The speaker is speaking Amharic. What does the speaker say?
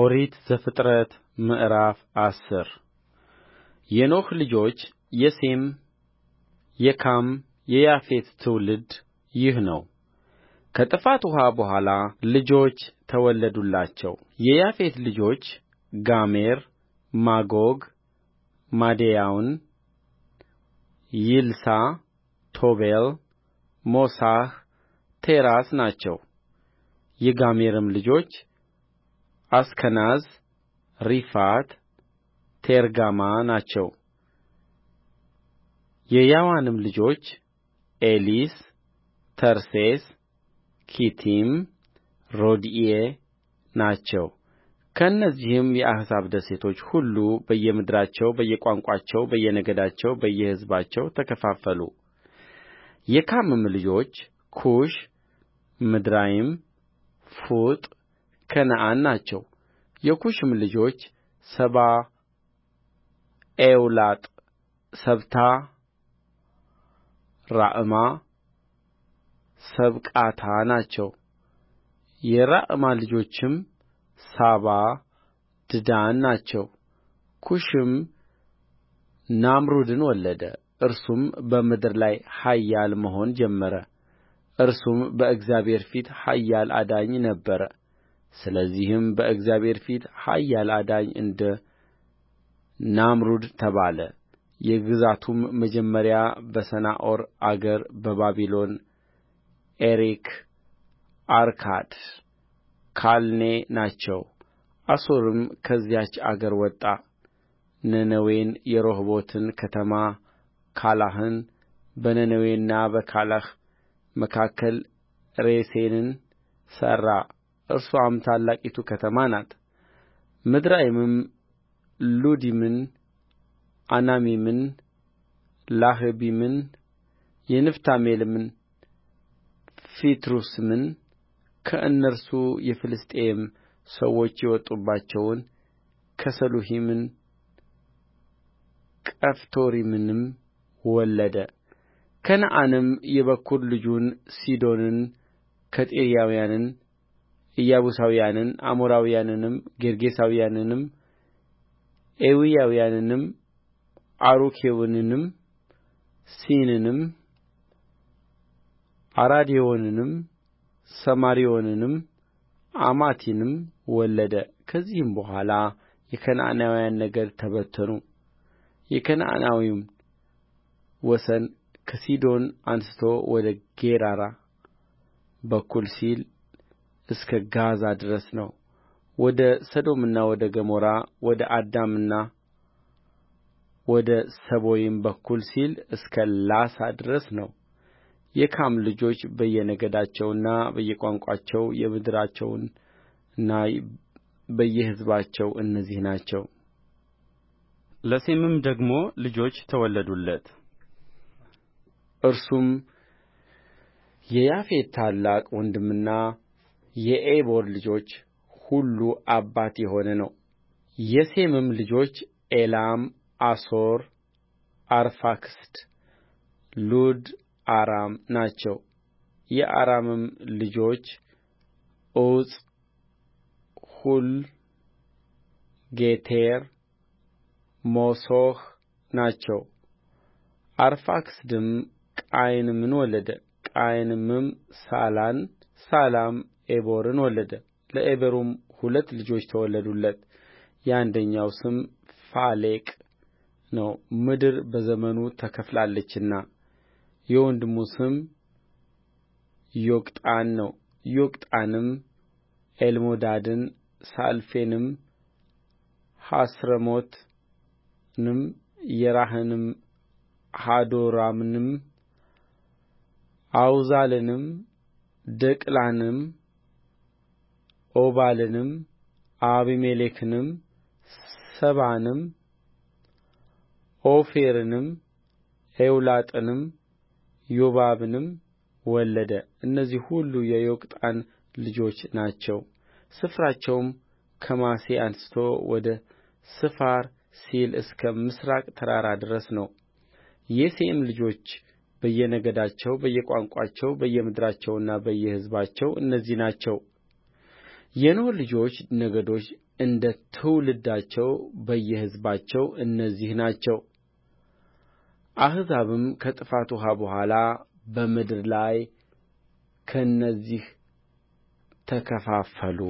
ኦሪት ዘፍጥረት ምዕራፍ አስር የኖኅ ልጆች የሴም የካም የያፌት ትውልድ ይህ ነው ከጥፋት ውኃ በኋላ ልጆች ተወለዱላቸው የያፌት ልጆች ጋሜር ማጎግ ማዴያውን ይልሳ ቶቤል ሞሳሕ ቴራስ ናቸው የጋሜርም ልጆች አስከናዝ ሪፋት ቴርጋማ ናቸው የያዋንም ልጆች ኤሊስ ተርሴስ ኪቲም ሮድኢ ናቸው ከእነዚህም የአሕዛብ ደሴቶች ሁሉ በየምድራቸው በየቋንቋቸው በየነገዳቸው በየሕዝባቸው ተከፋፈሉ የካምም ልጆች ኩሽ ምድራይም ፉጥ ከነዓን ናቸው የኩሽም ልጆች ሳባ ኤውላጥ ሰብታ ራዕማ ሰብቃታ ናቸው የራዕማ ልጆችም ሳባ ድዳን ናቸው ኩሽም ናምሩድን ወለደ እርሱም በምድር ላይ ኃያል መሆን ጀመረ እርሱም በእግዚአብሔር ፊት ኃያል አዳኝ ነበረ ስለዚህም በእግዚአብሔር ፊት ኃያል አዳኝ እንደ ናምሩድ ተባለ የግዛቱም መጀመሪያ በሰናዖር አገር በባቢሎን ኤሬክ አርካድ ካልኔ ናቸው አሦርም ከዚያች አገር ወጣ ነነዌን የረሆቦትን ከተማ ካላህን በነነዌና በካላህ መካከል ሬሴንን ሠራ እርስዋም ታላቂቱ ከተማ ናት ምድራይምም ሉዲምን ዐናሚምን ላህቢምን የንፍታሌምን ፈትሩሲምን ከእነርሱ የፍልስጥኤም ሰዎች የወጡባቸውን ከስሉሂምን ቀፍቶሪምንም ወለደ ከነዓንም የበኵር ልጁን ሲዶንን ከጢርያውያንን ኢያቡሳውያንን አሞራውያንንም ጌርጌሳውያንንም ኤዊያውያንንም አሩኬውንም ሲኒንም አራዴዎንንም ሰማሪዎንንም አማቲንም ወለደ ከዚህም በኋላ የከነዓናውያን ነገድ ተበተኑ የከነዓናዊውም ወሰን ከሲዶን አንሥቶ ወደ ጌራራ በኩል ሲል እስከ ጋዛ ድረስ ነው ወደ ሰዶምና ወደ ገሞራ ወደ አዳማና ወደ ሰቦይም በኩል ሲል እስከ ላሳ ድረስ ነው የካም ልጆች በየነገዳቸውና በየቋንቋቸው የምድራቸውና በየሕዝባቸው እነዚህ ናቸው ለሴምም ደግሞ ልጆች ተወለዱለት እርሱም የያፌት ታላቅ ወንድምና የዔቦር ልጆች ሁሉ አባት የሆነ ነው የሴምም ልጆች ኤላም አሶር አርፋክስድ ሉድ አራም ናቸው የአራምም ልጆች ዑፅ ሁል ጌቴር ሞሶሕ ናቸው አርፋክስድም ቃይንምን ወለደ ቃይንምም ሳላን ሳላም ዔቦርን ወለደ ለዔቦርም ሁለት ልጆች ተወለዱለት የአንደኛው ስም ፋሌቅ ነው ምድር በዘመኑ ተከፍላለችና የወንድሙ ስም ዮቅጣን ነው ዮቅጣንም ኤልሞዳድን ሳልፌንም ሐስረሞትንም የራሕንም ሀዶራምንም አውዛልንም ደቅላንም ዖባልንም አቢሜሌክንም ሳባንም ኦፌርንም ኤውላጥንም ዮባብንም ወለደ እነዚህ ሁሉ የዮቅጣን ልጆች ናቸው ስፍራቸውም ከማሴ አንሥቶ ወደ ስፋር ሲል እስከ ምሥራቅ ተራራ ድረስ ነው የሴም ልጆች በየነገዳቸው በየቋንቋቸው በየምድራቸውና በየሕዝባቸው እነዚህ ናቸው የኖኅ ልጆች ነገዶች እንደ ትውልዳቸው በየሕዝባቸው እነዚህ ናቸው አሕዛብም ከጥፋት ውኃ በኋላ በምድር ላይ ከእነዚህ ተከፋፈሉ